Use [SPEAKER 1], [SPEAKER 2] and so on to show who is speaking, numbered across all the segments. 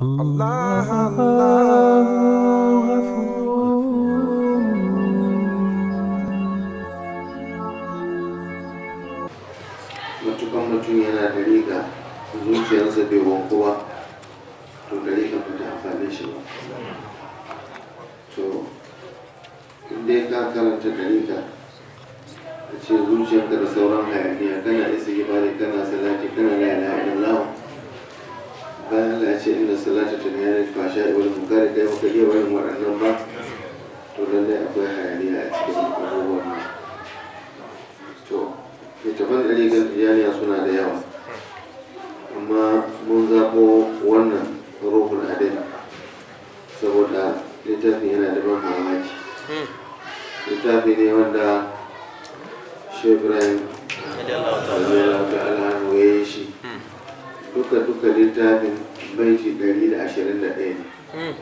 [SPEAKER 1] Allah Allah
[SPEAKER 2] matukan mutum yana da riga zuciyarsa bai wankuwa to da riga ba amfani shi ba to inda ya karanta da riga a ce zuciyarka da sauran hayaniya kana isi gibari kana salati kana la ilaha illallah bayan Allah ya ce inda salata ta ne ya fasha ibn mukari kai muka iya wani waɗannan ba to lallai akwai hayaniya a cikin abubuwan nan to littafan ɗariƙar tijaniya suna da yawa amma mun zaɓo wannan ruhul adin saboda littafin yana da ban mamaki littafi ne wanda shebrain da ta'ala duka duka littafin baiti 121 ne hmm.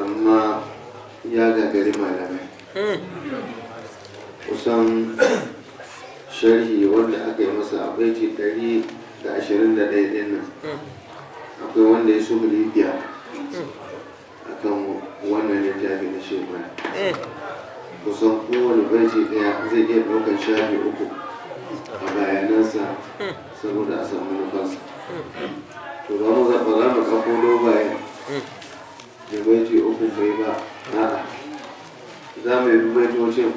[SPEAKER 2] amma ya gagari malamai hmm. kusan sharhi wanda aka yi masa a baiti 121 ɗin nan hmm. akwai wanda ya shuhuli biya a kan wannan littafin na shekara kusan kowane baiti ɗaya zai iya ɗaukar shafi uku a bayanansa saboda a samu nufansa to zama mu ba za mu ɗauko dogayen da baiti uku bai ba za mu yi baitocin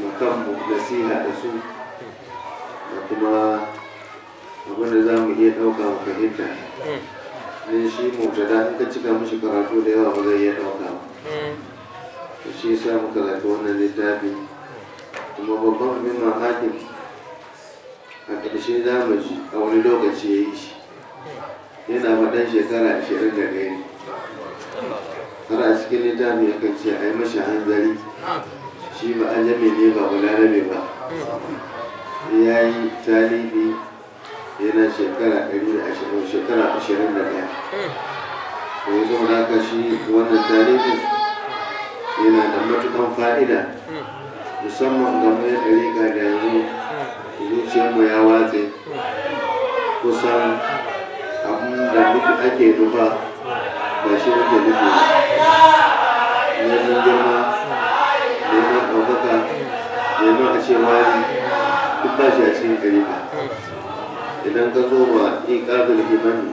[SPEAKER 2] mu kanmu nasiha da su da kuma abin da za mu iya ɗauka mu fahimta ne shi mutada in ka cika mishi karatu da yawa ba zai iya ɗauka ba shi sa mu karatu wannan littafi kuma babban abin mamakin a ƙarshe za mu ji a wani lokaci ya yi shi yana madan shekara ashirin da ɗaya ne har a cikin littafi ya kan ce a yi mashi hanzari shi ba an jami ne ba wani rabe ba ya yi talibi yana shekara ɗari da ashirin shekara ashirin da ɗaya to ya zama haka shi wannan talibin yana da matukan fa'ida musamman ga mai ɗari ga da yanzu zuciyarmu ya watse kusan abin da ake nufa ba shi muke nufi neman girma neman ɗaukaka neman a ce wani duk ba shi a cikin gari ba idan ka zo ba iƙaƙul himani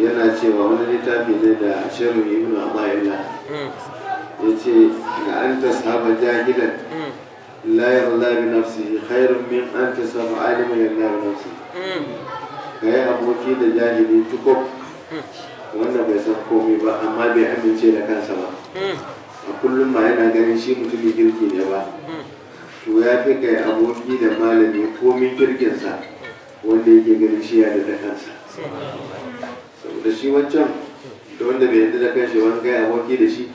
[SPEAKER 2] yana cewa wani littafi ne da shirin ibnu amayala ya ce ga an ta saba jahilan لا يرضى بنفسه خير من أن تصف عالما يرضى بنفسه كي أبوكي لجاهلي تكب wannan bai san komai ba amma bai amince da kansa ba a kullum ma yana ganin shi mutumin kirki ne ba to ya fi kai aboki da malami komi kirkinsa wanda yake ganin shi ya da kansa saboda shi wancan da bai yadda da kanshi wani kai aboki da shi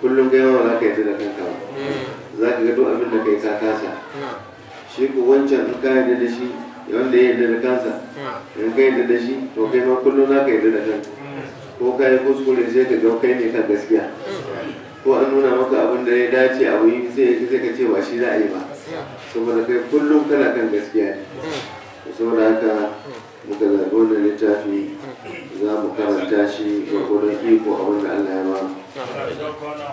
[SPEAKER 2] kullum gaiwa za ka kanka ba za ka ga duk abin da kai ka kasa shi ku wancan in ka yarda da shi wanda ya yarda da kansa hmm. in ka yarda da shi to kai ma kullum za ka yarda da hmm. ko ka yi kuskure sai ka ga kai ne kan gaskiya hmm. ko an nuna maka abin da ya dace abu yi sai ka ce ba shi za a yi ba saboda kai kullum kana kan gaskiya ne saboda haka muka zaɓi wannan littafi za mu karanta shi ga gudun iko a wanda Allah ya ba da farko da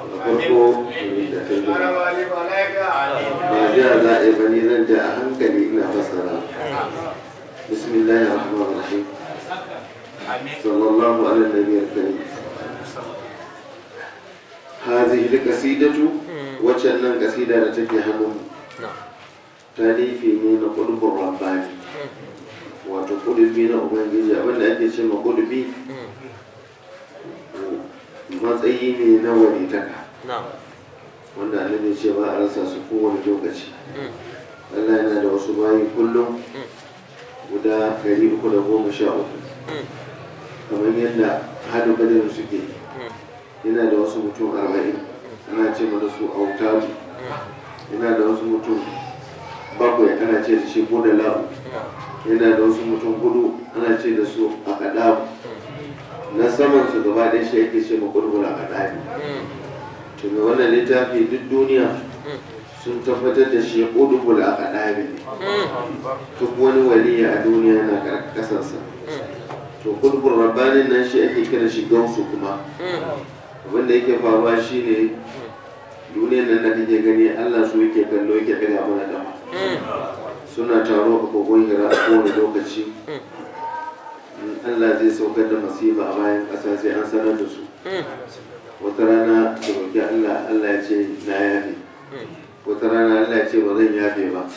[SPEAKER 2] ba jiya za a yi bani zan ja a hankali ina fassara bismillahir rahmanir rahim sallallahu alaihi nabiyil karim هذه القصيدة وشأن قصيدة تجي هم تاليفي من قلوب الرباني wato kudubi na ubangiji abinda ake ce ma kudubi matsayi ne na walitaka wanda ne ce ba a rasa su kowane lokaci mm. Allah yana da wasu bayi kullum mm. guda ɗari uku da goma sha uku mm. kamar yadda hadu gadar suke yana da wasu mutum arba'in ana ce ma da su autaru yana da wasu mutum bakwai ana ce da shi ko da labu yana da wasu mutum hudu ana ce da su a kadabu na saman su gaba ɗaya shi yake ce makulmul a kadabu to mai wannan littafi duk duniya sun tabbatar da shi kudubul a kadabu ne duk wani waliya a duniya na ƙasarsa to kudubul rabbanin nan shi ake kira shi gansu kuma abinda yake faruwa shine duniyar nan da kake gani allah su yake kallo yake kira mana dama suna taro a kogon hira a kowane lokaci mm. in allah zai saukar da masifa a bayan ƙasa sai an sanar da su mm. wata rana da roƙi allah allah ya ce na yafe mm. wata rana allah ya ce ba zan yafe ba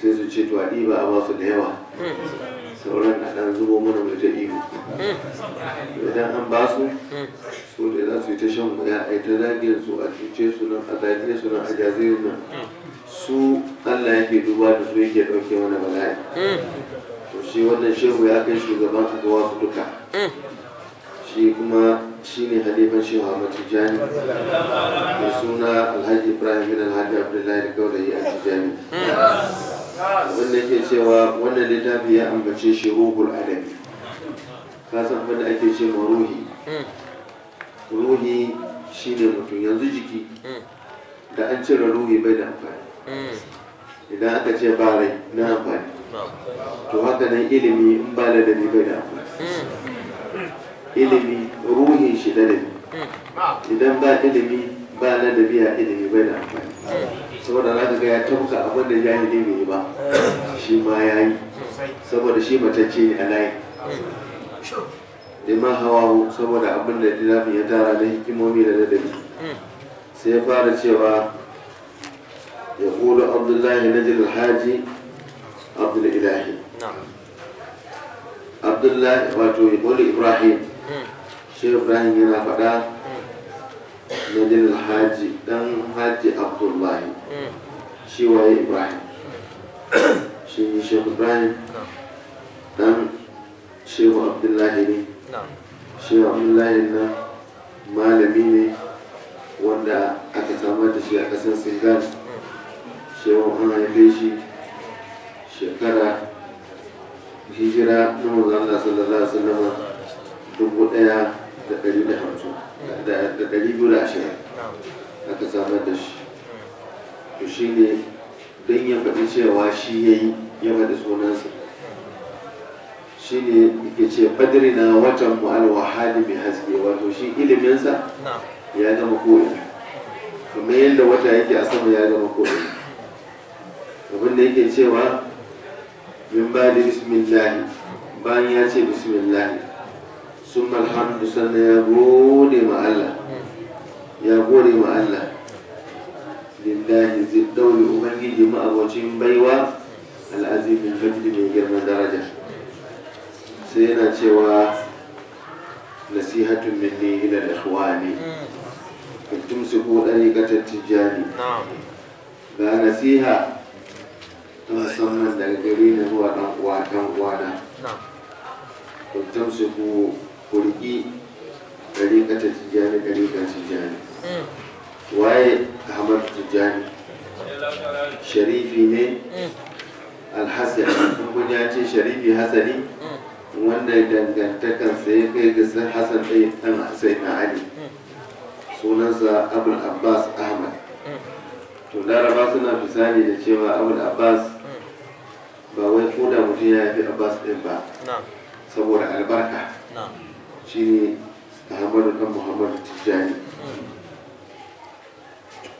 [SPEAKER 2] sai su ce to a a basu da yawa sauran a ɗan zubo mana mai ta ihu idan an ba su so da za su yi ta shan guda a yi ta zagiyar su a cuce su nan a zagiyar su nan a jazirin nan su Allah yake duba da su yake ɗauke mana bala'i to shi wannan shehu ya kai shugaban agawa su duka shi kuma shi ne halifan shehu Ahmad Tijjani da suna Alhaji Ibrahim bin Alhaji Abdullahi gaurayi a Tijani. abin da cewa wannan littafi ya ambace shi ruhul adabi ka san ake ce ma ruhi ruhi shine mutum yanzu jiki da an cire ruhi bai da amfani Mm. idan aka ce ba rai na amfani to haka nan ilimi in ba ladabi bai da amfani mm. ilimi ruhin shi ladabi mm. idan ba ilimi ba ladabi a ilimi bai da amfani saboda za ka ga ya tabka abin da ya yi yi ba shi ma ya yi saboda shi matacce ne a layi lima hawa saboda abin da ya tara na hikimomi da ladabi sai ya fara cewa يقول عبد الله نجل الحاجي عبد الإلهي نعم عبد الله واتو يقول إبراهيم شيخ إبراهيم هنا فدا نجل الحاجي دان حاجي عبد الله شي وهي إبراهيم شي شيخ إبراهيم دان شيخ عبد الله ني نعم شيخ عبد الله نعم malami ne wanda aka samar da shi a ƙasar senegal cewa an haife shi shekara hijira na manzan Allah sallallahu alaihi dubu ɗaya da ɗari da hamsin da ɗari biyu da ashirin aka samar da shi to shi ne don ya faɗi cewa shi ya yi ya faɗi sunansa shi ne yake ce fadri na watan mu'alwa hali mai haske wato shi iliminsa ya gama ko'ina kamar yadda wata yake a sama ya gama ko'ina abin da yake cewa min ba da bismillah bayan ya ce bismillah sun malhamdu sannan ya gode ma Allah ya gode ma Allah lillahi zai daure ubangiji ma'abocin baiwa al'azimin hajji mai girman daraja sai yana cewa nasihatun minni ila al-ikhwani kuntum su ko dariqatat tijani ga nasiha musamman daga gari na zuwa dan uwa dan uwana ku tamsu ku kurki dariƙa ta tijjani dariƙa tijjani mm. waye ahmad tijjani sharifi ne mm. alhassani kun ya ce sharifi hasani mm. wanda dangantakansa ya kai ga hasan ɗaya ɗan sai na ali sunansa abul abbas ahmad to laraba suna fisani da cewa abul abbas ba wai ko da mutum ya a abbas din ba saboda albarka shine muhammadu kan muhammadu tijjani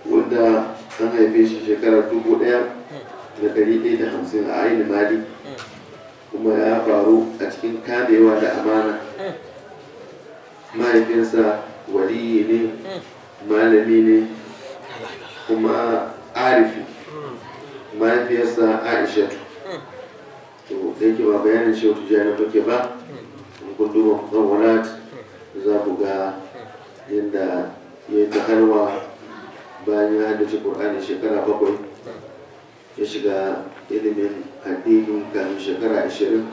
[SPEAKER 2] wanda an haife shi shekarar dubu ɗaya da dari daya da hamsin a ainihin mali kuma ya faru a cikin kamewa da amana mahaifinsa waliyi ne malami ne kuma arifi mahaifiyarsa Aisha. to da ba bayanin shi wata jani muke ba in kun duba mukawalat za ku ga yadda ya ta harwa bayan ya haddace ƙur'ani shekara bakwai ya shiga ilimin addini kafin shekara ashirin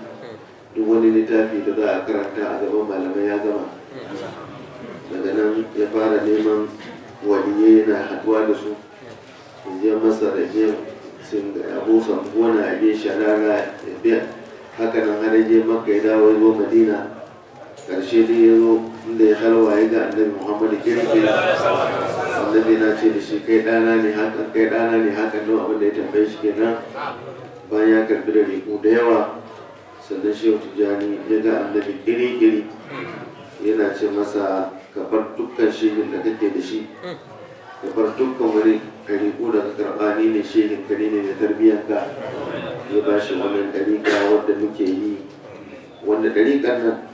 [SPEAKER 2] duk wani littafi da za a karanta a gaban malamai ya gama daga nan ya fara neman waliyai yana haɗuwa da su ya masa rajiyar abu sambo na je sharara biya haka nan har je maka ya dawo zo madina karshe ne ya zo inda ya halwa ya ga annabi muhammad kirki annabi na ce da shi kai dana ne haka kai dana ne haka nan abin da ya tambaye shi kenan bayan ya karbi da riku da yawa sannan shi shehu tijjani ya ga annabi kiri yana ce masa ka bar dukkan shehin da kake da shi ka bar dukkan wani ɗariƙo da ka karɓa ni ne shehin ka ne na tarbiyyar ka ya ba shi wannan dariƙa wanda muke yi wanda ɗariƙan nan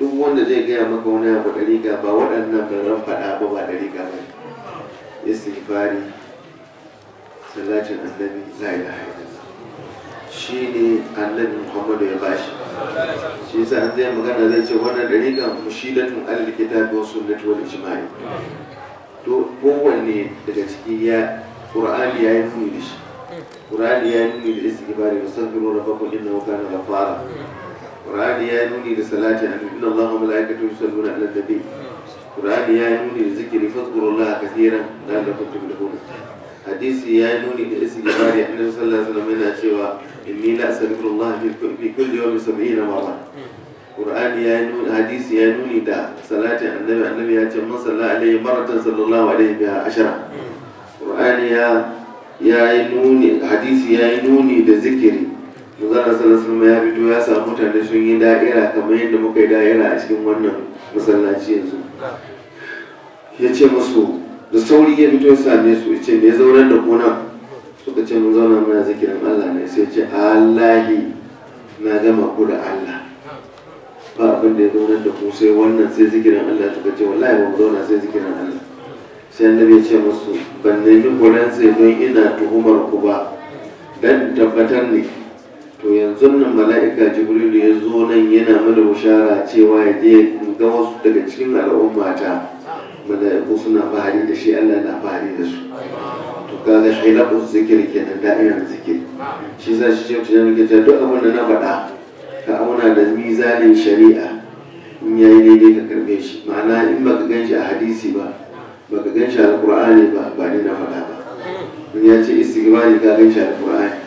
[SPEAKER 2] duk wanda zai gaya maka wani abu dariƙa ba waɗannan ban ran faɗa ba ba dariƙa ba fari, salatin annabi la ilaha illallah shi ne annabi muhammadu ya bashi shi yasa an zai magana zai ce wannan dariƙa mushilatun alal kitabi wa sunnati wal ijma'i kowanne daga ciki ya ƙur'ani ya yi nuni da shi ƙur'ani ya yi nuni da istighfari da sabbiru rabbakum innahu kana ghafara ƙur'ani ya yi nuni da salati annabi inna allaha wa malaikatahu yusalluna ala nabi ƙur'ani ya yi nuni da zikiri fadhkurullaha katiran la'allakum tuflihun hadisi ya yi nuni da istighfari annabi sallallahu alaihi wasallam yana cewa inni la astaghfirullah fi kulli yawmin 70 marra qur'ani ya nuni hadisi ya nuni da salatin annabi annabi ya ce man salla alaihi maratan sallallahu alaihi biha ashara qur'ani ya ya yi nuni hadisi ya yi nuni da zikiri manzara sallallahu ya fito ya samu mutane sun yi da'ira kamar yadda muka yi da'ira a cikin wannan masallaci yanzu ya ce musu da sauri ya fito ya same su ya ce me zaunar da kuna suka ce mun zauna muna zikirin Allah ne sai ce Allahi na gama ku da Allah ba abin da ya zaunar da ku sai wannan sai zikirin Allah ta ce wallahi ba zauna sai zikirin Allah sai annabi ya ce musu ban nemi horon sai don ina tuhumar ku ba dan tabbatar ne to yanzu nan mala'ika jibrilu ya zo nan yana mana bushara cewa ya je ga wasu daga cikin al'ummata mala'iku suna fahari da shi Allah na fahari da su to kaga shi na zikiri kenan da'irar zikiri shi za shi ce mutum duk abin da na faɗa ka auna da mizanin shari'a in ya yi daidai ka karbe shi ma'ana in baka gan shi a hadisi ba baka gan shi a alƙur'ani ba ba ni na faɗa ba in ya ce istighfari ka gan shi a alƙur'ani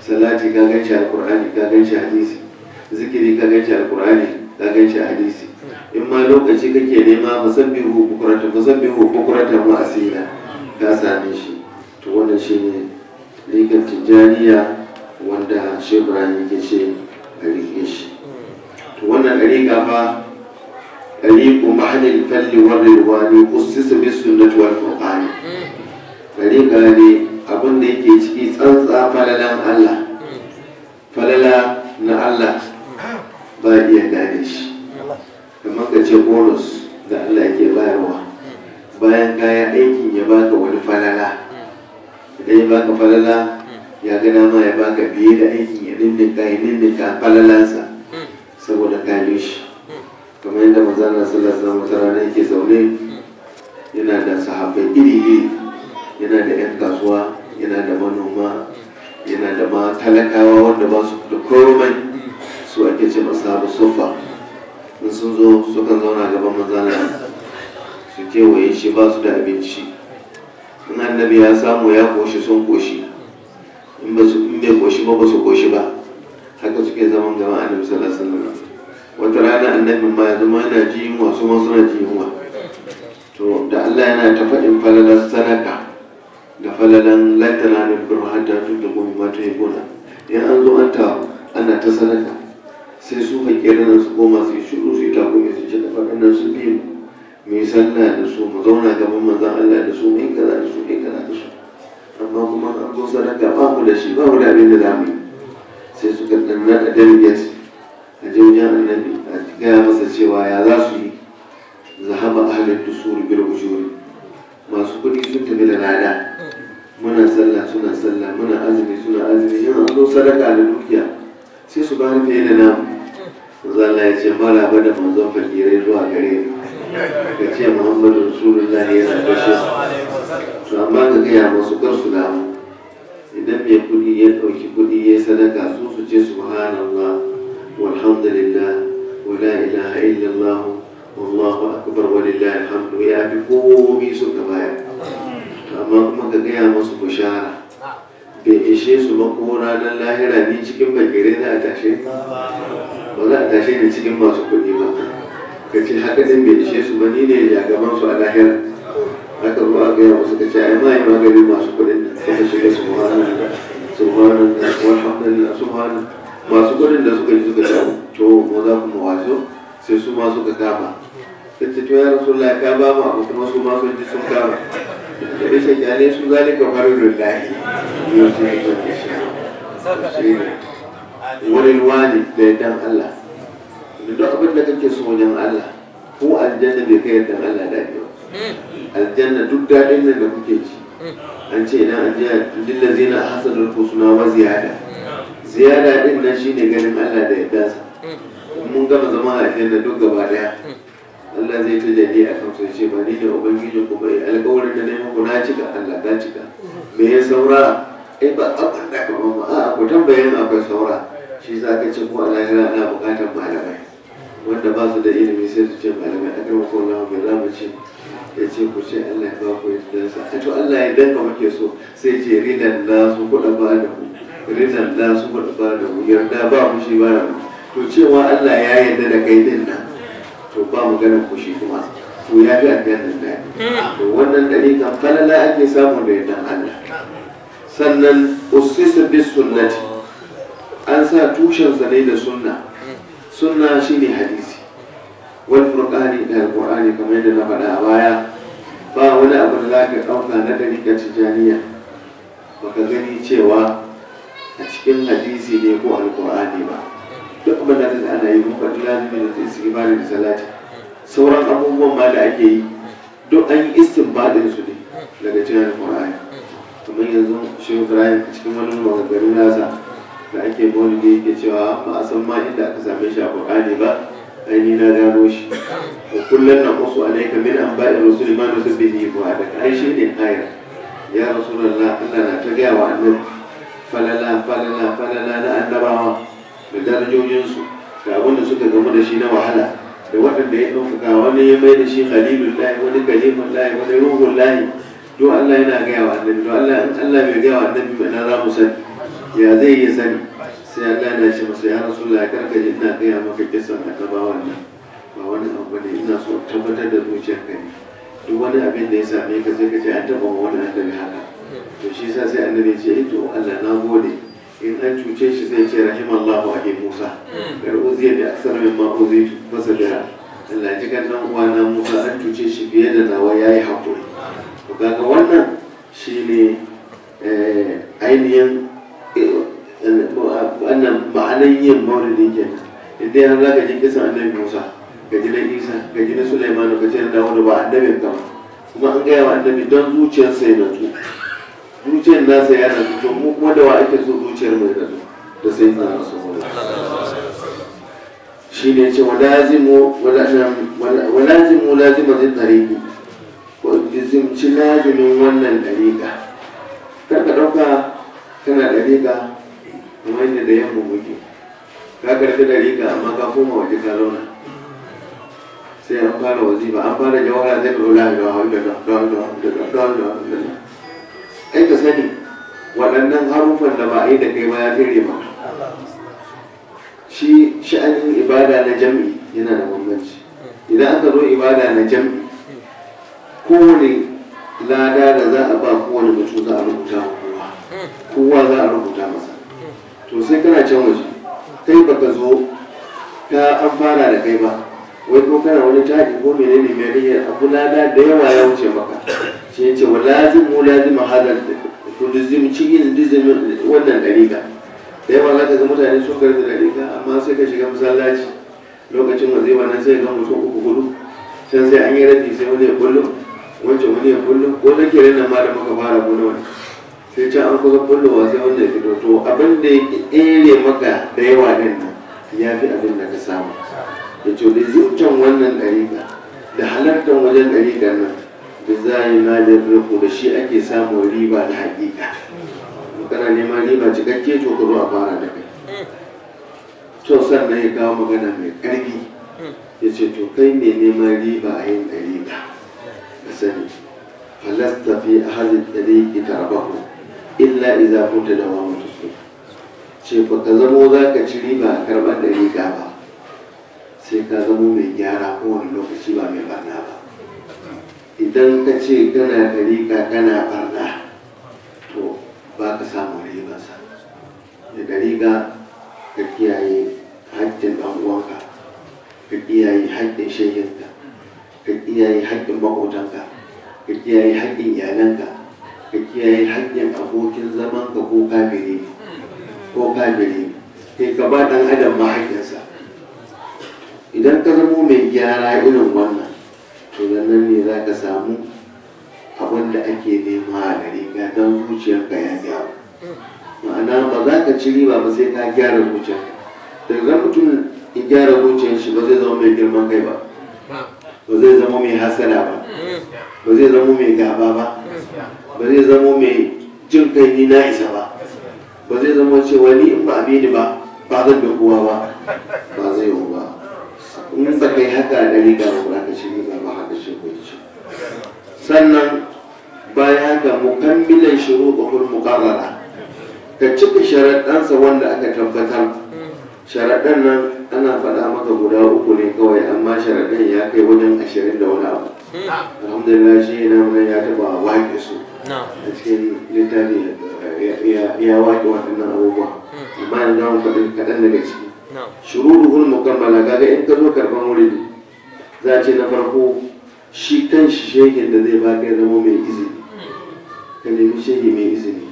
[SPEAKER 2] salati ka gan shi a alƙur'ani ka gan shi a hadisi zikiri ka gan shi a alƙur'ani ka gan shi a hadisi in ma lokaci kake nema musabbihu bukurata musabbihu bukurata mu ka same shi to wannan shine likan tijaniya wanda shebrani yake shi a rike shi to wannan ɗariƙa fa falli wannan ruwa ne kusisa bi sunnati wal furqani ne abin da yake ciki tsantsa falalan Allah falala na Allah ba iya gane shi kamar ka ce bonus da Allah yake bayarwa bayan gaya aikin ya baka wani falala idan ya baka falala ya ga dama ya baka biye da aiki ya ninninka ya ninninka falalansa saboda kare shi kamar yadda manzana sallallahu lasa mutara na yake zaune yana da sahabbai iri iri yana da yan kasuwa yana da manoma yana da ma talakawa wanda ba su da komai su ake ce masu haɗu sofa in sun zo sukan zauna gaban mazana su kewaye shi ba su da abinci in annabi ya samu ya koshi sun koshi in bai koshi ba ba su koshi ba haka suke zaman gama annabi sallallahu alaihi wata rana annabi ma ya zama yana ji yunwa su ma suna ji yunwa to da Allah yana ta faɗin falalar sadaka da falalan laitana da birnin ta tun da gomi ma ta yi gona in an zo an ta ana ta sadaka sai su fakirin nan su koma su yi shuru su yi takumi su ce da faɗin su biyu mu yi sallah da su mu zauna gaban manzon Allah da su mu yi kaza da su mu yi kaza da su amma kuma an ko sadaka ba mu da shi ba mu da abin da za mu yi sai suka danna da delegates a je wajen annabi a gaya masa cewa ya za su yi zahaba a dusur bil ujuri masu kuɗi sun tafi da lada muna sallah suna sallah muna azumi suna azumi yin an zo sadaka da dukiya sai su ba ni fiye da namu manzo Allah ya ce mala ba da manzon fakirai zuwa gare ni ka ce muhammadu rasulullah yana kashe su amma ka gaya masu kar damu idan mai kuɗi ya ɗauki kuɗi ya sadaka su su ce subhanallah walhamdulillah wala ilaha illallah akbar walillahi alhamdu ya fi komi suka baya amma kuma ka gaya masu bushara bai ishe su ba ko lahira ni cikin bakirai na a tashe ba za a tashe ni cikin masu kuɗi ba ka ce haka zai bai ishe su mani ne ya gaban su a lahiyar haka ruwa ga wasu ka ce ai mai magani masu kudin da suka shiga su su muhanan subhanan walhamdulillah subhanan masu kudin da suka ji suka ce to mu za ku mawazo sai su ma suka kama sai ce to ya rasu ka ba ma abu kuma su ma sun ji sun kama da ya shi kyale su zalika kamar lahi yau sai ya zo shi wani ruwa ne da ya dan Allah da duk abin da kake so wajen Allah ko aljanna bai kai yadda Allah ke ba aljanna duk daɗin nan da kuke ci an ce idan an jiya dilla zina hasadul na wa ziyada ziyada din nan shine ganin Allah da yadda sa mun gama zama a aljanna duk gaba daya Allah zai ta jade a kan su ce ba ni ne ubangiji ku bai alƙawarin da na ko na cika Allah da cika me ya saura ai eh, ba abin da ka ba ma a ku tambayin akwai saura shi za ka ce ko Allah yana bukatar malamai wanda ba su da ilimi sai su ce malamai a kan ko na mai za mu ce ya ce ku ce Allah ya ba ku yadda sa to Allah ya danka muke so sai ce ridan da su kuɗa ba da ku ridan da su kuɗa ba da ku yarda ba mu shi ba da mu to cewa Allah ya yarda da kai din nan to ba mu ganin ku shi kuma to ya fi nan da to wannan dari kan falala ake samu da yardan Allah sannan usisa bisunnati an sa tushen sa ne da sunna sunna shine hadisi wani furqani da alqur'ani kamar yadda na faɗa a baya ba wani abu da zaka ɗauka na dariƙar ba baka gani cewa a cikin hadisi ne ko alqur'ani ba duk abin da ana yi mun faɗi lazimi da istighfari da salati sauran abubuwan ma da ake yi duk an yi istinbadin su ne daga cikin alqur'ani kamar yanzu shi ibrahim a cikin wani maganganu nasa da ake maulidi yake cewa ba a san ma inda aka same shi a qur'ani ba aini na gano shi a wa kullun naqsu alayka min an anba'i rusul ma nusabbihi fu'adaka ai shi ne ayar ya rasu rasulullah Allah na ta gaya wa annabi falala falala falala na annabawa da darajojinsu da abin da suka gamu da shi na wahala da waɗanda ya ɗaukaka wani ya mai da shi khalilun layi wani kalimun layi wani ruhun layi. do Allah yana gaya wa annabi to Allah Allah bai gaya wa annabi ba na za mu sani ya zai yi sani sai ya gane shi masa ya rasu la karka ji ina gaya maka kisan annabawan nan ba wani abu ne ina so tabbatar da ka ne duk wani abin da ya same ka sai ka ce an taba wani an daga haka to shi yasa sai annabi ce ito eh to Allah na gode in an cuce shi zai ce rahimallahu ahi Musa kar hmm. uziya da aksar min ma uzitu fasadara Allah ji kan nan na Musa an cuce shi fiye da nawa yayi hakuri to kaga wannan shine eh, ainihin eh, wannan ma'anan yin maulidin kenan idan za ka ji kisan annabi Musa ga ji Isa ga ji na Sulaiman ga ji na Dawud ba annabin kama kuma an gaya wa annabi don zuciyarsa ya natsu zuciyar nasa ya natsu to mu kuma da wa ake so zuciyar mai natsu da sai na Rasulullah shi ne ce walazimu walazimu lazima zai tariki ko zimci lazimin wannan dariƙa kar ka ɗauka kana dariƙa kamar yadda da yamma muke ka karfi da riga amma ka koma waje ka zauna sai an fara wazifa an fara jawara zai ɗora da da ai ka sani waɗannan harufan da ba a yi da kai ba ya fere ma shi sha'anin ibada na jami'i yana da bambanci idan aka zo ibada na jami'i, kowane lada da za a ba kowane mutum za a rubuta kowa kowa za a rubuta masa to sai kana can waje kai baka zo ka an fara da kai ba wai ko kana wani jahi ko mene ne mai niyyar abu lada da yawa ya wuce maka shi ce wa lazim a hadal da lazim ci yin dizim wannan dariƙa da yawa za ka ga mutane sun karfi dariƙa amma sai ka shiga masallaci lokacin zai nan sai ga mutum uku hudu sai sai an yi rabi sai wani ya kullum wancan wani ya kullum ko ke ranar ma da muka fara gona wani sai can an kusa kullowa sai wanda ya fi abin da ya ere maka da yawa din nan ya fi abin da ka samu da ce da zuciyan wannan ɗariƙa da halartar wajen ɗariƙa nan da za a yi malin rufu da shi ake samun riba da haƙiƙa kana neman riba cikakke to ka zo a fara da kai to sannan ya kawo magana mai ƙarfi ya ce to kai ne neman riba a yin ɗariƙa ka sani falasta fi ahalin ɗariƙi tarbahu illa iza kunta da mamu mutu ce ba ka zamo za ka ci riba a karɓar da riga ba sai ka zamo mai gyara kowane lokaci ba mai barna ba idan ka ce kana da riga kana barna to ba ka samu riba sa daga riga ka kiyaye haƙƙin ɗan ka kiyaye haƙƙin shayyarka ka kiyaye haƙƙin maƙotanka ka kiyaye haƙƙin iyalanka ka kiyaye haƙƙin abokin zaman ka ko kafiri ko kafiri kai ka ba ɗan adam ma haƙƙinsa idan ka zamo mai gyara irin wannan to nan ne za ka samu abin da ake nema a gare ka don zuciyarka ya gyara. ma'ana ba za ka ci riba ba sai ka gyara zuciyarka daga mutum in gyara zuciyar shi ba zai zama mai girman kai ba ba zai zama mai hasada ba ba zai zama mai gaba ba ba zai zama mai jin kai na isa ba ba zai zama cewa ni in ba amini ba ba zan da kowa ba ba zai yi ba in ba kai haka da riga ba ba ka shi ba ba haka shi ko ce sannan bayan haka mukammilan shiru ba kul muqarrara ka cika sharaɗansa wanda aka tabbatar sharaɗan nan ana faɗa maka guda uku ne kawai amma sharaɗan ya kai wajen ashirin da wani abu hmm. alhamdulillah shi yana ya taɓa waƙe su a cikin littafi ya waƙe waɗannan abubuwa hmm. amma da namun faɗin kaɗan daga ciki shururuhul mukammala kaga in ka zo karɓar wuri za a na farko shi kan shi shekin da zai baka ya zama mai izini ka nemi mai izini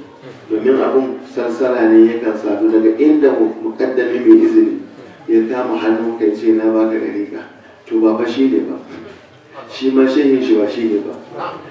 [SPEAKER 2] domin abin sansala ne yakan sadu daga inda mukaddami mai izini ya kama hannun kai ce na baka ɗari ka to ba shi ne ba shi shehin shi ba shi ne ba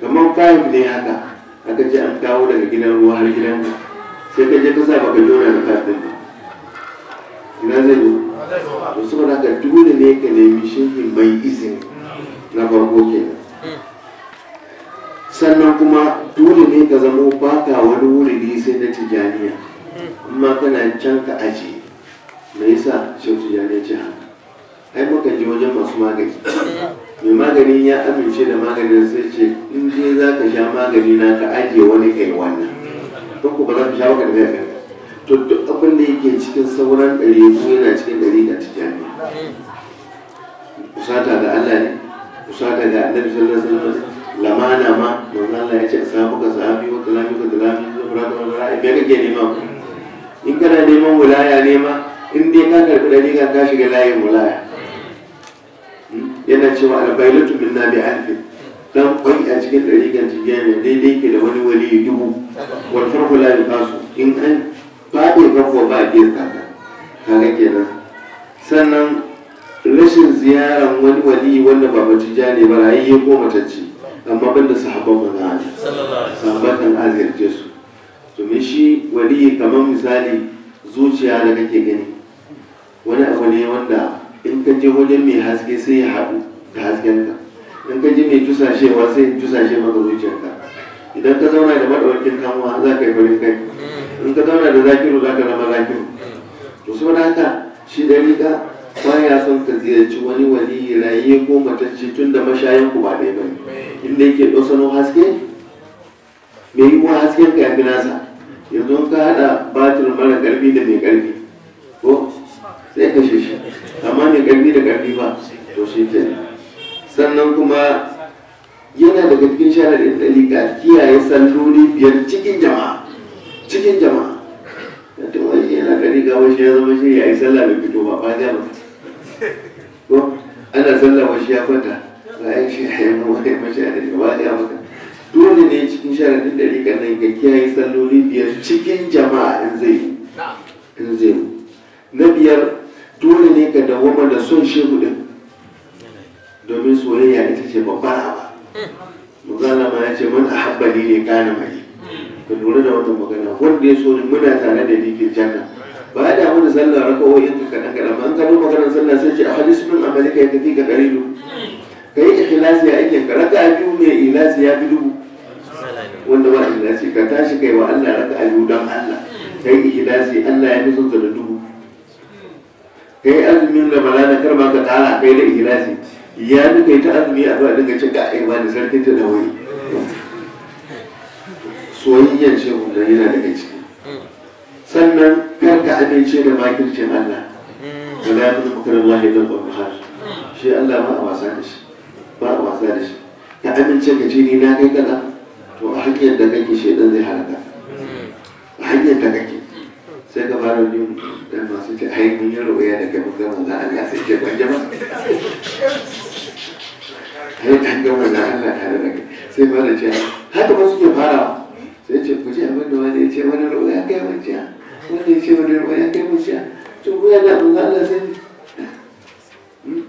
[SPEAKER 2] kamar kayan ne haka aka ce an kawo daga gidan ruwa har gidan ka sai ka je ka sa baka jona da kafin ba ina zai zo to ka haka dole ne ka nemi shehi mai izin na farko kenan sannan kuma dole ne ka zamo baka wani wuri sai na tijaniya amma kana can ka aji me sa shehu tijaniya ce haka ai muka je wajen masu magani mai maganin ya amince da maganin sai ce in je za ka sha magani na ka ajiye wani kai wannan ba ku ba za ku sha wakar da ya to duk abin da yake cikin sauran ɗari ko yana cikin ɗari ga cikin ne kusata ga Allah ne kusata ga annabi sallallahu alaihi wasallam lamana ma manzo Allah ya ce sahabuka sahabi wa kalami ka kalami da ka zubra me kake nema in kana neman wilaya nema in dai ka karɓi ɗari ka shiga layin wilaya yana cewa albailatu min na bi alfi dan kwai a cikin ɗari kan tijjani daidai ke da wani wali dubu wal farko la su in an faɗi farko ba a biyan kaka kaga kenan sannan rashin ziyaran wani wali wanda ba matijjani ba rayayye ko matacci amma banda sahabban manzo sahabban kan azirce su domin shi wali kamar misali zuciya da kake gani wani abu ne wanda in ka je wajen mai haske sai ya haɗu da haskenka in ka je mai tusashewa sai ya tusashe maka zuciyarka idan ka zauna da maɗaukin kamuwa za ka yi farin kai in ka zauna da zakiru za ka zama zakiru to saboda haka shi ba ya son ka ziyarci wani wani raye ko matacce tun da mashayan ku ba ɗaya ba inda yake ɗosano haske mai yi wa hasken ka yafi nasa yanzu ka haɗa batir mara ƙarfi da mai ƙarfi ko sai shi shi amma da ƙarfi da ƙarfi ba to shi kenan sannan kuma yana daga cikin sharaɗin ga kiyaye sanduri biyar cikin jama'a cikin jama'a yadda wani yana ƙari ga wani ya zama shi ya yi sallah mai fito ba ba ja ba ko ana sallah wani ya kwanta ba ya shi ya yi wani mashi ya daga ba ja maka dole ne cikin sharaɗin ga nan ka kiyaye sanduri biyar cikin jama'a in zai in zai na biyar dole ne ka dawoma da son shi din domin soyayya ita ce babbar abu muzala ma ya ce man ahabba ni ne kana mai ka lura da wannan magana wanda ya so ne muna tare da ni ke janna ba da damu da sallah yanka kaɗan-kaɗan ba an ka maganar sallah sai ce a hadis min amalika ya tafi ka dalilu kai ikhlasi a ake ka raka a biyu mai ikhlasi ya fi dubu wanda ba ikhlasi ka tashi kai wa Allah raka a biyu don Allah ka yi ikhlasi Allah ya fi sun ka da dubu ka yi azumin ramadana kar ma ka tara kai da ikhlasi ya duka yi ta azumi a zuwa dinga cika a aiwa da sarkin ta da wuri soyayyen yana da yana daga ciki sannan kar ka amince da makircin Allah wala ya fi allah ya don ƙwaƙwar shi Allah ba a wasa da shi ba a wasa da shi ka amince ka ce ni na kai kaza to a hanyar da kake shaidan zai halaka a hanyar da kake sai ka fara jin dan masu ce ai mun yi roƙiya da kai mun ga manzo Allah sai ce ban jama ai dan ga manzo Allah tare da kai sai fara ce haka ba suke fara sai ce ku ji abin da wani ya ce wani roƙiya kai mun ciya wani ya ce wani roƙiya kai mun ciya to ku yana manzo Allah sai hmm?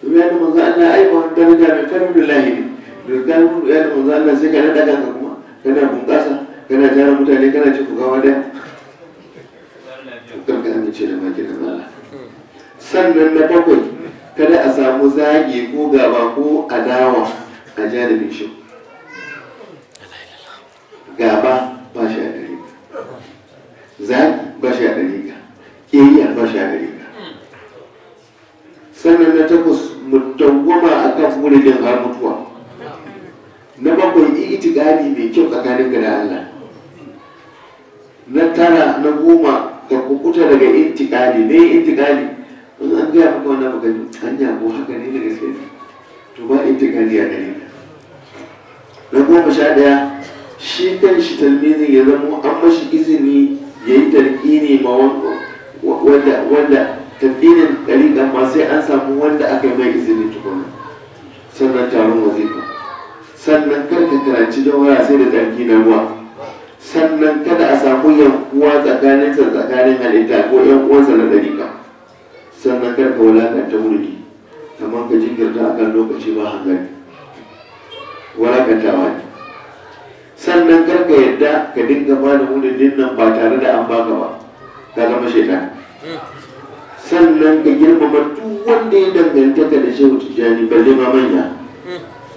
[SPEAKER 2] to ya da manzo Allah ai ba wani daraja mai farin lahi ne da kan ya da manzo Allah sai ka daga ka kuma kana bunƙasa kana tara mutane kana ci ku gawa daya ce da maki da sannan na bakwai kada a samu zagi ko gaba ko adawa a janibin shi gaba ba shi a ɗari zagi ba shi a ɗari ka ƙiyayya ba shi a ɗari ka sannan na takwas mutangwama a kan muridin har mutuwa na bakwai itikadi mai kyau tsakanin da Allah na tara na goma ya kukuta daga intikali ne intikali wanda an gaya maka wannan magani an ko haka ne daga sai to ba intikali a gare na goma sha daya shi kan shi talmizin ya zama an mashi izini ya yi tarkini ma wanda wanda tafinin ɗariƙa ma sai an samu wanda aka yi mai izini tukuna sannan taron wazifa sannan karka karanci don waya sai da tarki na ruwa sannan kada a samu yankuwa tsakanin sa tsakanin halitta ko yan uwansa na dariƙa sannan kada ka wulakanta wuri kamar ka jinkirta akan lokaci ba gani wulakantawa ne sannan kar ka yadda ka dinga ba da wurin nan ba tare da an baka ba ka zama shaitan sannan ka girmama duk wanda ya dangantaka da shehu tijjani balle ma manya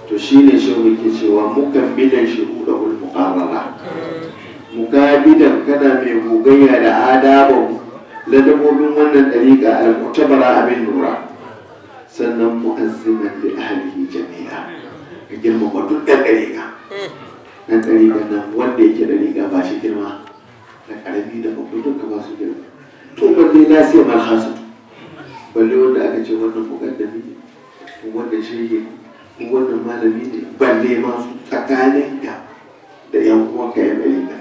[SPEAKER 2] to shine shehu ke cewa mukan bilan shuhudahul muqarrara mugabidan kana mai gogayya da na ladabobin wannan dariƙa al-mu'tabara abin lura sannan mu'azziman da ahlihi jami'a a girmama duk da dariƙa ɗan dariƙa nan wanda yake dariƙa ba shi girma da ƙarami da babba duka ba su girma to balle na sai hasu balle wanda aka ce wannan muƙaddami ne wannan shehi ne wannan malami ne balle ma tsakaninka da yan uwanka ya dariƙa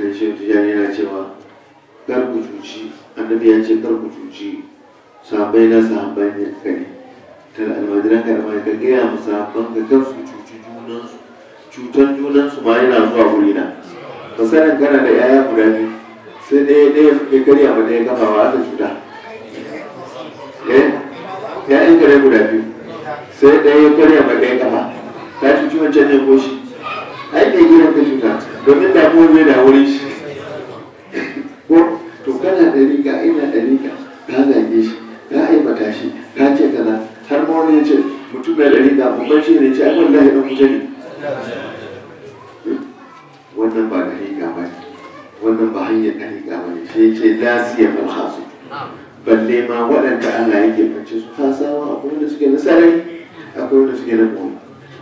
[SPEAKER 2] ta ce tijan yana cewa kar ku cuci annabi ya ce kar ku cuci sahabbai na sahabbai ne ka ne ta almajiran ka da ka gaya mu sahabban ka kar su cuci junansu cutan junansu ma yana zuwa wurina sanin kana da yaya guda biyu sai ɗaya ɗaya ya karya ma ɗaya kafa ba ta cuta ya yi kare guda biyu sai ɗaya ya karya ma ɗaya kafa ta cuci wancan ne ko shi ai ɗaya gidan ka cuta domin kuma ne da wuri? shi ko to kana da rika ina da rika ka zage shi ka aibata shi ka ce kana har ma wani ya ce mutum mai ɗarika babban shi ne ce ai wallahi ɗan kuce ne wannan ba da rika ba ne wannan ba hanyar da rika ba ne shi ce lasiya su. balle ma waɗanda Allah yake fance su fasawa akwai wanda suke na sarari akwai wanda suke na kuma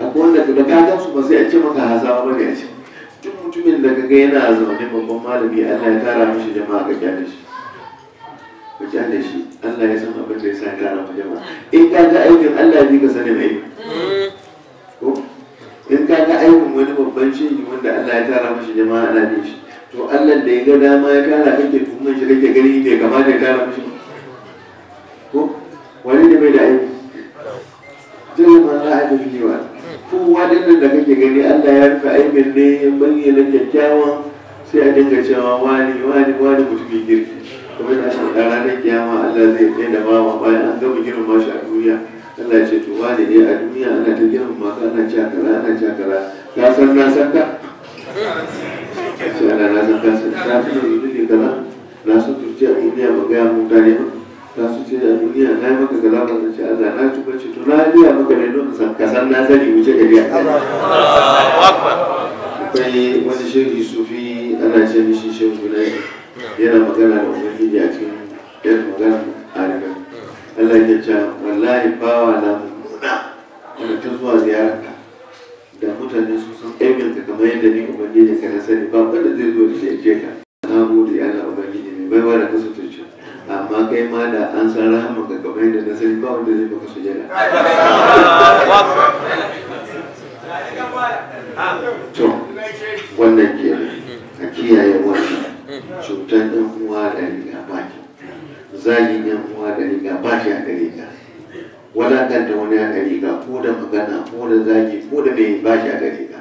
[SPEAKER 2] akwai wanda da ka gansu ba sai a ce maka hasawa ba ne a ce mutumin da kaga yana zaune babban malami Allah ya tara mishi jama'a ka kyale shi ku kyale shi Allah ya san abin da ya sa tara mu jama'a in ka ga aikin Allah ya ka sani mai ko in ka ga aikin wani babban shi wanda Allah ya tara mishi jama'a ana ji shi to Allah da ya ga dama ya tara kake tuhuman shi kake gani bai kamata ya tara mishi ko wani da bai da aiki tun man la hada fi wa kowa dinnan da kake gani Allah ya rufe aibin ne ya bayyana kyakkyawan sai a dinga cewa wani wani wani mutumin girki kuma da shi a ranar kiyama Allah zai tsaye da bawa bayan an gama girma shi a duniya Allah ce to wani ne a duniya ana ta girma ka ana cakara ana cakara ka san na san ka sai ana na san ka sai ta fi ne kaza na san turciya duniya ba gaya mutane ba za su ce da duniya na yi maka galaba da ce Allah na tuba ce to na biya maka ne don san ka san na sani wuce gari a kai akwai wani shehi sufi ana ce mishi shehu guda yana magana da ubangiji a cikin yan magana a riga Allah ya ce wallahi bawa na mummuna wanda ta zuwa ziyararka da mutane sun san ka kamar yadda ni ubangiji ka na sani ba wanda zai zo da shi ya ce ka na gode Allah ubangiji mai baiwa da kasu amma kai ma da an san rahama ka kamar yadda na sani ba wanda zai maka sujada to wannan ke a kiyaye wannan cutar ɗan uwa da riga ba ki zagin ɗan uwa da riga ba ki a gare ka wadakanta wani a gare ka ko da magana ko da zagi ko da mai ba ki a gare ka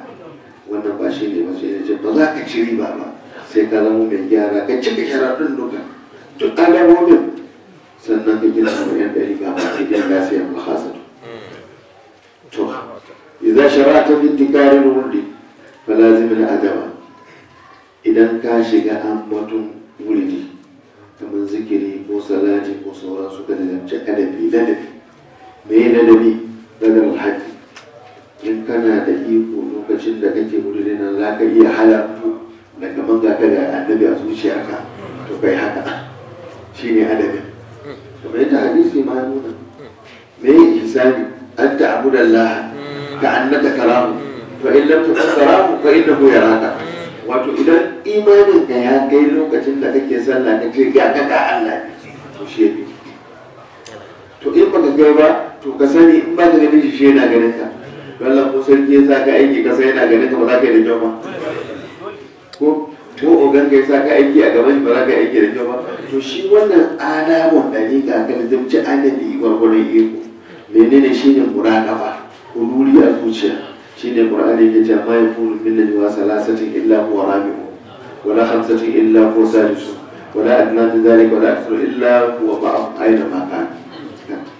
[SPEAKER 2] wannan ba shi ne ba sai ce ba za ka ci riba ba sai ka zama mai gyara ka cika sharaɗin duka duk alamomin sannan ka gina wa yan dariƙa masu yan lafiya mahasa to idan shari'a ta fi dikarin wurdi falazimin adama idan ka shiga batun wurdi kamar zikiri ko salati ko sauran suka nazarci adabi ladabi me ladabi daga alhaji in kana da iko lokacin da kake wurin nan za ka iya halartu daga manga ka da annabi a zuciyarka to kai haka shine adabi kuma yadda hadisi ma nuna me yi ihsani an ta'budu Allah ka annaka karamu fa in lam takun karamu fa innahu yaraka wato idan imanin ka ya kai lokacin da kake sallah ka ce ga ka Allah to shi ne to in baka kai ba to ka sani in ka ganin shi shi yana ganin ka wallahi ko sarki ya sa ka aiki ka sai yana ganin ka ba za ka yi da kyau ba ko ko ogan ka sa ka aiki a gaban shi ba za ka aiki da kyau ba to shi wannan adamun dariƙa kan zumci adadi gwargwaron iko menene shine muraqaba hululi a zuciya shine qur'ani ke cewa ma furu min najwa salasati illa huwa rabi'u wala khamsatin illa huwa salisu wala adna min dhalika da akthar illa huwa ma'ahum aina ma kana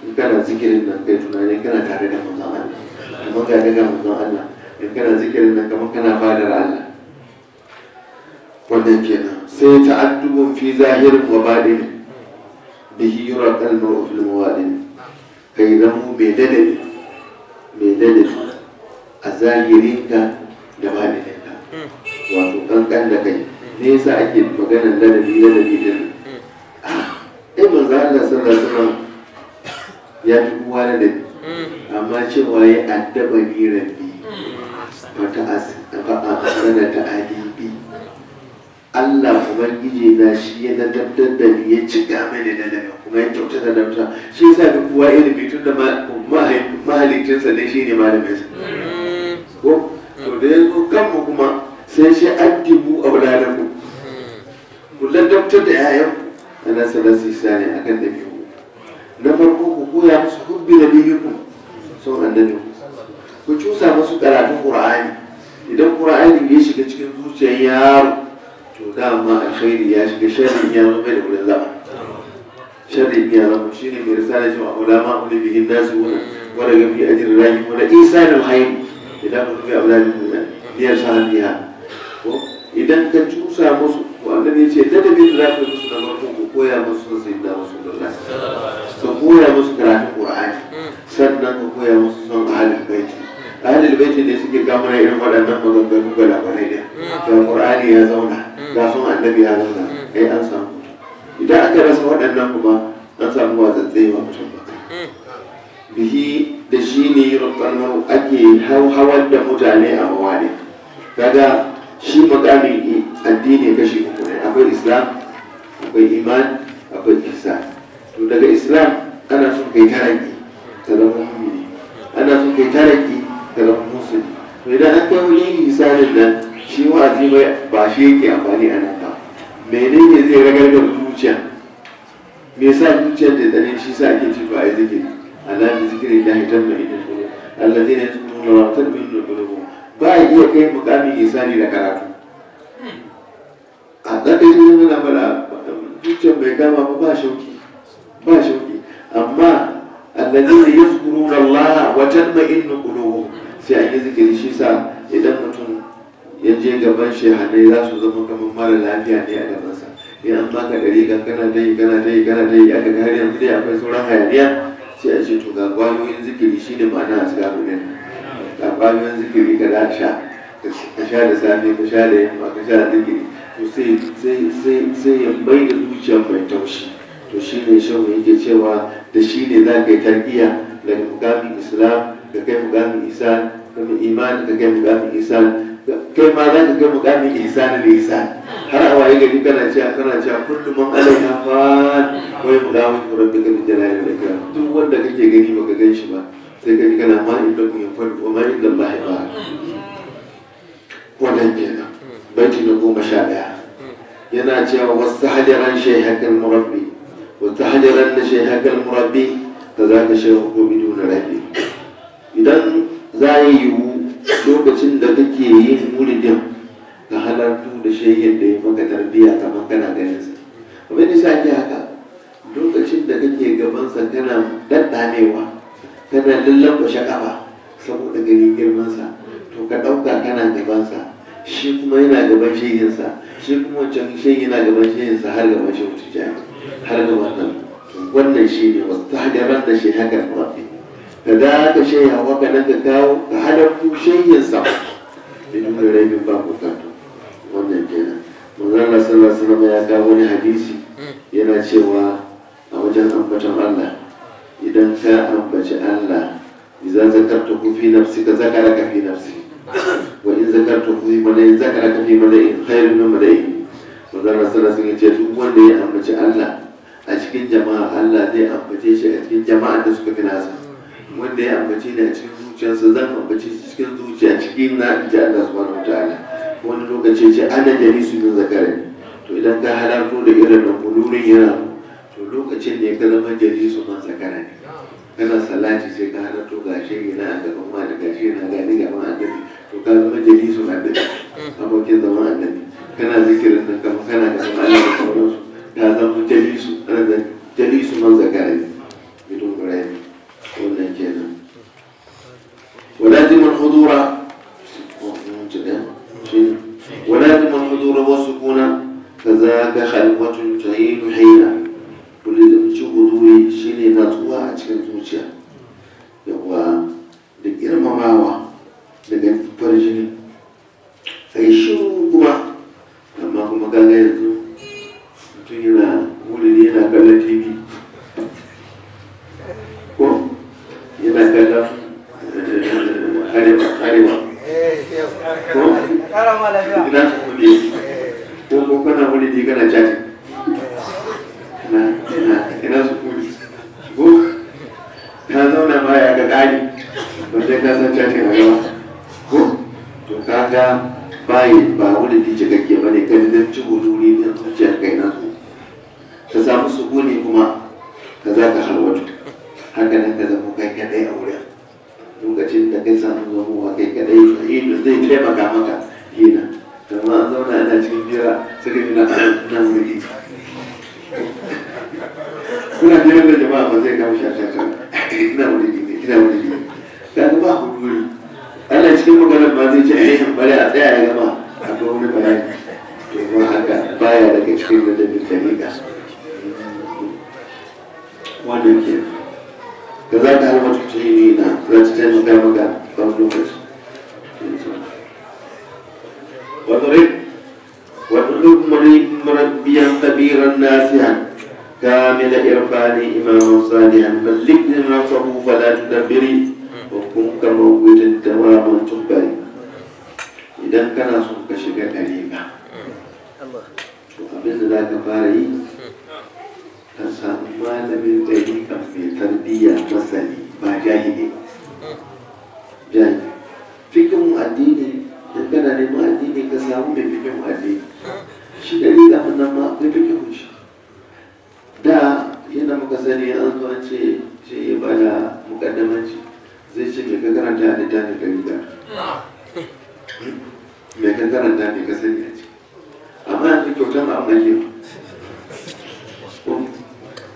[SPEAKER 2] in kana zikirin nan kai tunani kana tare da manzon Allah kuma ga daga manzon Allah in kana zikirin nan kamar kana fadar Allah wannan kenan sai ta'addubun fi zahirin wa badin bihi yura kalmar fil ka yi ramu mai dadin mai dadin a zahirin ka da badin ka wato kankan da kai ne yasa ake maganar ladabi ladabi din ah, ai manzo Allah sallallahu alaihi wasallam ya fi kowa ladabi amma cewa ya addaba ni rabbi fa ta asana ta adi Allah Ubangiji na shi ya daftar da ni ya cika mini da daga kuma ya kyauta da damta shi sa duk kuwa ilimi tun da mahalicinsa ne shi ne malaminsa ko to da ya zo kanmu kuma sai shi an dibu a wulalanku ku ladabtar da 'ya'yanku a nan salasi sani a kan biyu. na farko ku koya musu hubbi da biyukum sun annabi ku cusa musu karatun qur'ani idan qur'ani ya shiga cikin zuciyar yaro to dama alkhairi ya shiga sharri ya zama da wurin zama sharri ya zama shi ne mai risala cewa abu da ma abu bihin nasu wanda ga fi ajin rami wanda isa da haini idan mutum ya abu da biyar sa'an biya idan ka cusa musu ko wanda ne ce ladabin da za ka musu na farko ku koya musu sun sayi da musu da ka koya musu karatun qur'ani sannan ka koya musu son ahlul baiti ahlul baiti ne suke gamar irin waɗannan maganganu ga labarai ne. da qur'ani ya zauna Mm. sun annabi ya nuna ai mm. eh, an samu idan aka rasa waɗannan kuma an samu watsatsai wa mutum ba mm. bihi da shi ne rukunan ake hauhawar da mutane a mawane kaga shi makamin addini kashi uku ne akwai islam akwai iman akwai kisa to daga islam ana son kai taraki ta zama mummuni ana son kai taraki ta zama musulmi to idan an kai wuli misalin nan shi wa'azi ba shi yake amfani a nan ba menene zai ragargar zuciya me yasa zuciya da dare shi sa ake ci ba a yi zikiri Allah ya zikiri da hitar mai idan kuma Allah zai yi tsunan wa ta bin da kulubu ba a iya kai mukamin isani da karatu a tsakai ne na bala zuciya bai kama ba ba shauki ba shauki amma Allah zai ne yazkuruna Allah wa tatma'innu qulubuhum sai a yi zikiri shi sa idan mutum ya je gaban shehadai za su zama kamar mara lafiya ne a gabansa in an baka gari kan kana ta yi kana ta yi kana ta yi ya ga har yanzu dai akwai sauran hayaniya sai a ce to ga kwayoyin zikiri shine ma'ana a cikin abu ne ga kwayoyin zikiri ka da sha ka sha da safe ka sha da yamma ka sha da zikiri to sai sai sai sai ya bai da zuciyar mai taushi to shine mu yake cewa da shine za ka yi tarbiyya daga mukamin islam ka kai mukamin isa kuma imani ka kai mukamin isa kai ma za ka ga mukamin ihsan da ihsan har a waye gari kana cewa kana cewa kullu man alaiha fan wa yumdahu rabbika bi jalali wa ikram duk wanda kake gani baka gan shi ba sai kai kana ma inda kun yafal wa ma inda Allah ba wannan kenan baiti na goma sha daya yana cewa wasu hajjaran shehakar murabbi wasu hajjaran da shehakar murabbi da za ka shehu ko bidiyo na rabi idan za yi yiwu lokacin da kake muni din ka halartu da shehin da ya maka tarbiyya kamar kana ganin sa abin da sa ke haka lokacin da kake gabansa kana daddanewa kana lallabashe ƙafa saboda girman sa to ka ɗauka kana gaban sa shi kuma yana gaban sa shi kuma wancan shehin yana gaban sa har gaban shi wuce jiya har gaban nan wannan shi ne wasu hadaran da shi haka mafi ka da ka shehawa ka nan ka kawo ka halartu sa. bidun raibin ba bukatu wannan kenan manzon Allah sallallahu alaihi wasallam ya kawo wani hadisi yana cewa a wajen ambaton Allah idan ka ambaci Allah idan zakarta ku fi nafsi ka zakara ka fi nafsi wa in zakarta ku fi mala'in zakara ka fi mala'in khairun min mala'in manzon Allah sallallahu alaihi wasallam ya ce duk wanda ya ambaci Allah a cikin jama'a Allah zai ambace shi a cikin jama'a da suka fi nasa wanda ya ambace ni a cikin zuciyarsa zan ambace cikin zuciya cikin na ji Allah subhanahu wataala wani lokaci ce ana jari su yin zakari to idan ka halarto da irin da kulurin yana to lokacin ne ka zama jari su man zakara ne kana salati sai ka halarto gashe yana a gaban ma da gashe yana gani a annabi to ka zama jari su annabi abokin zaman annabi kana zikirin da kama kana da zaman annabi ka zama jari su jari su man zakara ne kura ne wannan kenan ولازم الحضور ولازم الحضور والسكون فذاك خلوة تعين حينا kullum ci guduri shi ne natsuwa a cikin zuciya yawa da girmamawa daga farjini a yi shiru kuma amma kuma gaga yanzu mutum yana wulini yana ko yana arewa arewa ko ina ka kuɗi ko ko kana mulidi kana caji ina ina ina su kuɗi ko ka zauna ma ya ga ƙari ba sai ka san caji rayuwa ko to kaga bayi ba mulidi cikakke ba ne kan dan ci huluri dan zuciyar kai na su ka samu sukuni kuma ka za ka halwatu haka nan ka zama kai kadai a wurin lokacin da kai samu zamuwa kai kadai da zai taimaka maka hina ma an zauna yana cikin jira suka yi na na wuri kuna jiran da jama'a ba zai kawo shashashan ina wuri ne ina wuri ne ta ga ba huduri Allah cikin maganar ba zai ce yi hambari a tsaya ya gama a ga wani bayani to ma haka baya daga cikin da da bi ta wanda ke Bewerten alle unsere Training an. Let's stand with them again. From Lucas. وضرب وقلوب مربيا كبير ناسعا كامل إرفان إماما صالحا ملكن نفسه فلا تدبري وكن كموت تماما تخبري إذا كان صوتك شكا قريبا الله شو قبل ذلك فاري ka samu malamin gari kan mai tarbiyya masani ba jahili jahili fikin addini da kana neman addini ka samu mai fikin addini shi gari da nan ma akwai fikin shi da yana muka sani an zo an ce ce ya ba da mukaddamanci zai ce mai ka karanta da ta ne gari da mai kakaranta karanta ne ka sani a ce amma yanzu kyautan a amurke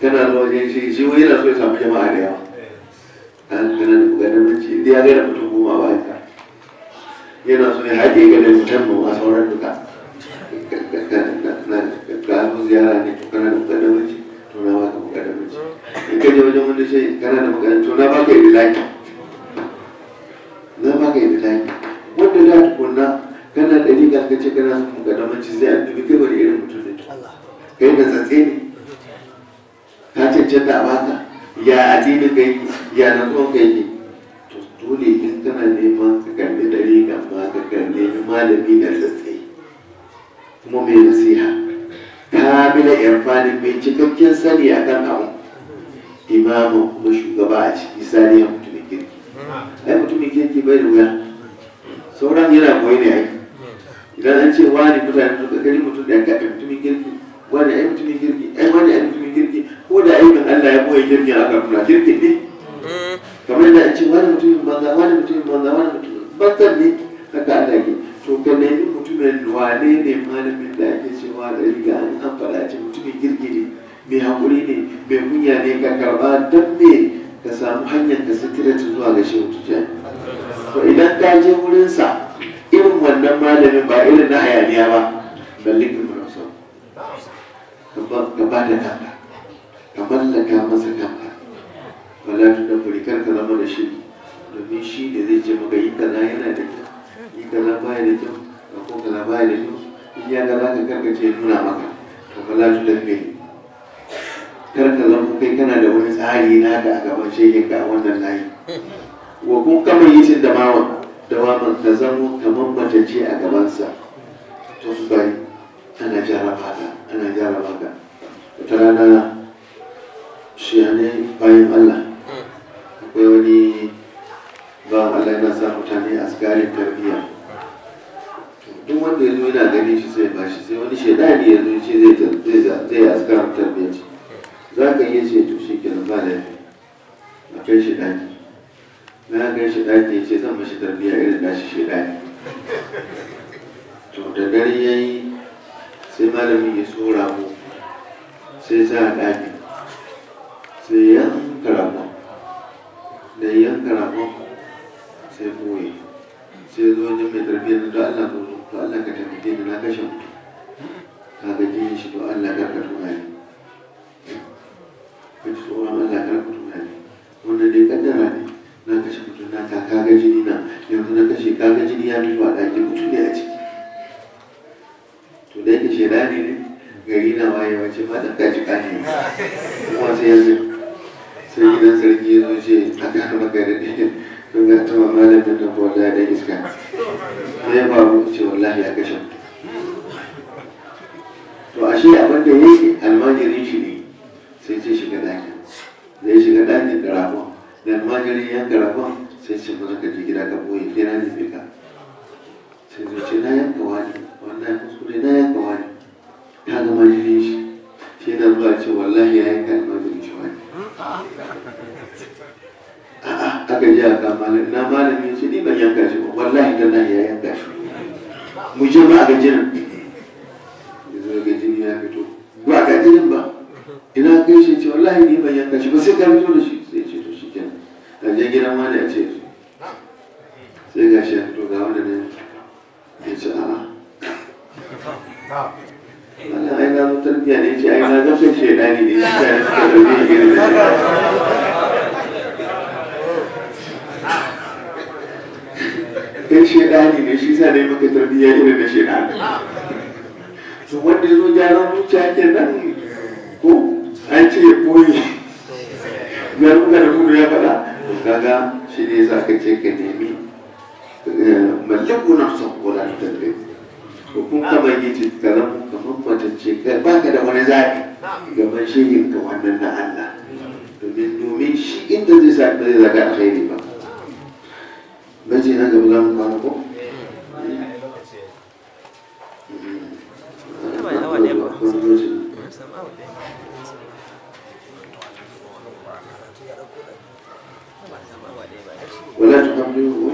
[SPEAKER 2] kana zuwa wajen shi shi wuri yana so ya samu jama'a da yawa an kana da buganin manci inda ya gaira mutum goma ba ya yana so ya haƙe ga da mutum ba a sauran duka ka zo ziyara ne to kana da buganin manci to na baka buganin manci in ka je wajen wanda shi kana da buganin to na baka yi laki na baka yi laki wanda da tukunna kana da ɗari ka ce kana buganin manci sai an dubi kai wani irin mutum ne kai da tsatse ne ka cancanta a baka ya addinin ka yi ya natsuwan ka yi to dole in kana neman ka kalli dare ka ba ka kalli malami da sassai kuma mai nasiha kamila irfanin mai cikakken sani akan abu imamu kuma shugaba a ciki sani a mutumin kirki ai mutumin kirki bai da wuya sauran yana koyi ne ai idan an ce wani mutane suka gani mutum da kaɗa mutumin kirki wani ai mutumin kirki ai wani ai mutumin kirki ko da aibin Allah ya boye jirgin a karkuna jirgin ne kamar da ce wani mutumin banza wani mutumin banza wani mutumin banza ne haka Allah ke to ka nemi mutumin wane ne malamin da ake cewa da riga an an faɗa ce mutumin girgi ne mai haƙuri ne mai kunya ne ka karɓa don me ka samu hanyar da sitira zuwa ga shehu tijjani to idan ka je wurinsa irin wannan malamin ba irin na hayaniya ba balle kuma rasa ka ba da kanka ka mallaka masa kanka wala ta da furikar ka zama da shi domin shi ne zai ce maka yi kaza yana da kyau yi kaza baya da kyau ka ko kaza baya da kyau in ya ga zaka karkace nuna maka to wala tun da fili kar ka zama kai kana da wani tsari na da a gaban shekin ka a wannan layi wa kun kama yi cin da dawaman ka zama kamar matacce a gabansa to su bai ana jarabata ana jarabata ta rana ne bayan Allah hmm. akwai wani bayan Allah yana sa mutane a tsakanin tarbiyya duk wanda ya zo yana ganin shi sai bashi sai wani shaidani ya zo ce zai yi askarar tarbiyya ce za ka iya ce to shi kenan ba laifi a kai shaidani na na kai shaidani ya ce zan mashi tarbiyya irin da shi shaidani to da dare ya yi sai malamin ya tsora mu sai a ɗaki sai yanka ragon da yanka ragon sai boye sai zo wajen mai tarbiyyar da don Allah zo to Allah ka taimake ni na kashe mutum ka ga jini shi to Allah kar ka tuna ni ka ji tsoron Allah kar ka tuna ni wannan dai kaddara ne na kashe mutum na ka ka ga jini na yanzu na kashe ka ga jini ya mutu a ɗaki mutum ne a ciki to da yake shaidani ne gari na wayewa ce ma ɗan gaji ƙani kuma sai yanzu sai gidan sarki ya zo ce a gano maka da ɗin sun ga tuma malamin da ko da iska sai ya faru ce wallahi ya kashe to a shi abin da ya yi almajirin shi ne sai ce shiga ɗakin zai shiga ɗakin da rabon da almajirin yanka rabon sai ce mana ka je gida ka boye sai na nufi ka sai zai ce na yanka wani wanda ya kuskure na yanka wani ta zama jirin shi shi na zuwa ce wallahi ya yanka almajirin aka ji aka malami na malami ce ni ban yanka shi ba wallahi da na ya yanka shi
[SPEAKER 1] mu je ba ga jinin
[SPEAKER 2] ya zo ga jini ya fito ba ga jinin ba ina kai shi ce wallahi ni ban yanka shi ba sai ka fito da shi sai ce to shi kenan ka je gidan wani ya ce sai ga shi ya fito ga wani ne ya ce a'a Allah ai na mutar biya ne ce ai na gafin shaidani ne shi ka suka ɗauke shi gina da kai shaidani ne shi sa dai maka tarbiyya irin da shaidani to wanda ya zo gyaran zuciya kenan ko an ce ya koyi garin garin ya faɗa kaga shi ne ka ka nemi eh, mallakuna sun to yi kama gidi kalan kamar matacce kai baka da wani zaɓi gaban shirin ka wannan na Allah domin domin shi inda zai sa ba zai zaga alkhairi ba bace na gaba za kwana ko ولا تقبلوه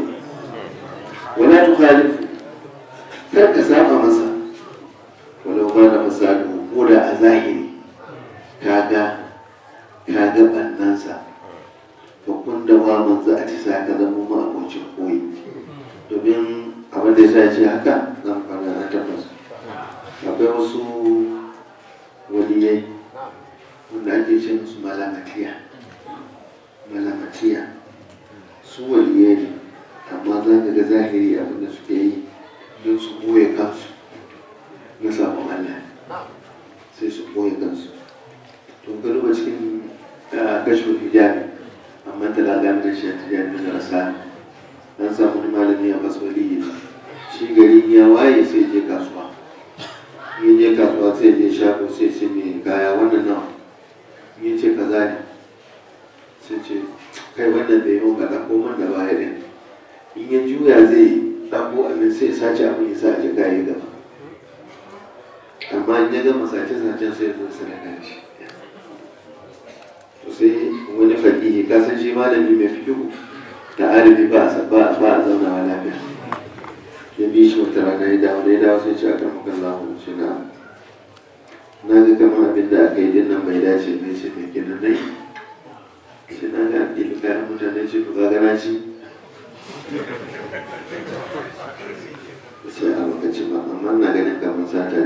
[SPEAKER 2] ولا تخالفوه kar ka saba masa walau ba da fasadu ko da a zahiri kaga kaga bannansa to kun da mun za a ci sa ka zama mu abocin koyi domin abin da ya ce haka zan fara na tabbas akwai wasu waliyai wanda ake ce musu malamatiya malamatiya su waliyai ne amma za ka ga zahiri abin da suke yi don su ɓoye kansu na sabon Allah sai su ɓoye kansu to ga duba cikin eh, kashin hijabi amma talaga na shi hijabi da rasa an samu wani malami a fasfali shi gari ya waye sai je kasuwa in je kasuwa sai je shago sai ce mai kaya wannan nawa in ce kaza ne sai ce kai wannan bai yi mun kaza ko man da baya ne in ya juya zai yi ɗanbo abin sai sace abin ya sa a jaka gaba amma in ya gama sace sace sai zai sadaka shi to sai wani faɗi ka san shi malami mai fikihu ta alibi ba a zauna wa lafiya ya bi shi wata rana ya dawo da ya dawo sai ce a kan mukan zamu ce na na ga kamar abin da aka yi dinnan bai dace mai ce mai gina nai shi na ga ɗin kayan mutane ce ku gagana shi sai a lokacin ba amma na ganin kamar sata ne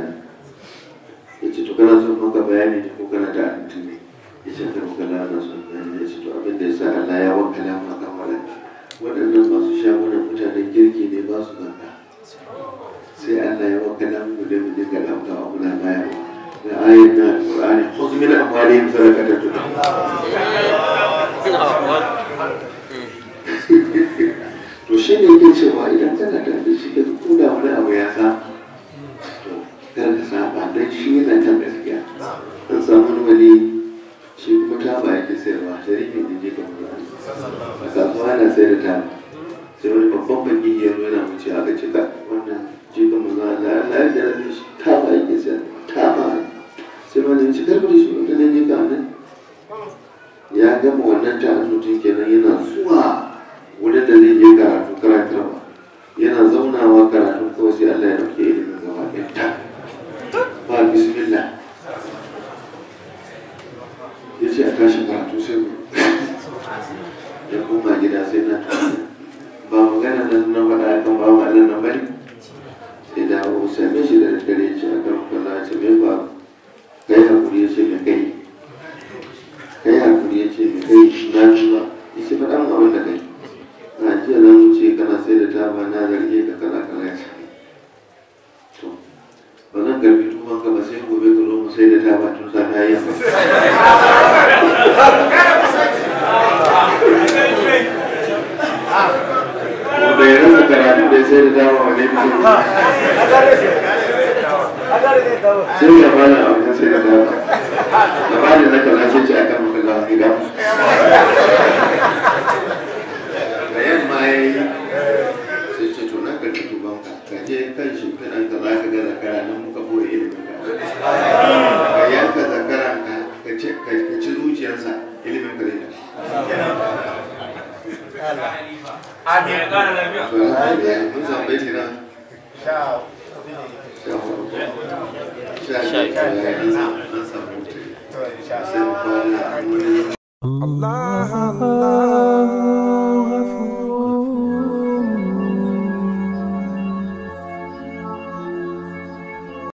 [SPEAKER 2] ya ce to kana son maka bayani ko kana da amintu ne ya ce kan maka lana son bayani ya ce to abin da ya sa Allah ya wanka mu akan waɗanda waɗannan masu shagunan mutanen kirki ne ba su zanga sai Allah ya wanka wakala mu da mu dinga ɗauka wa muna bayarwa da ayin na Qur'ani khudh min amwalihim sadaqatan tutahhiruhum to shi ne yake cewa idan kana tafi shi ke ko wani abu ya sa to kar ka saba don shi yana kan gaskiya an samu wani shi kuma ta ba yake sayarwa sharikin da jefa wani a kasuwa yana sayar da ta sai wani babban baki ya zo yana wuce aka ce ka wannan jefa mu za a la ya jarabe shi ba yake sayar ba sai wani ci karfi da shi wanda ne jefa nan ya gama wannan ta ta'azutin kenan yana zuwa wurin da zai je karatu karatarwa yana zaunawa karatun kawai sai Allah ya ɗauke ilimin gaba ɗaya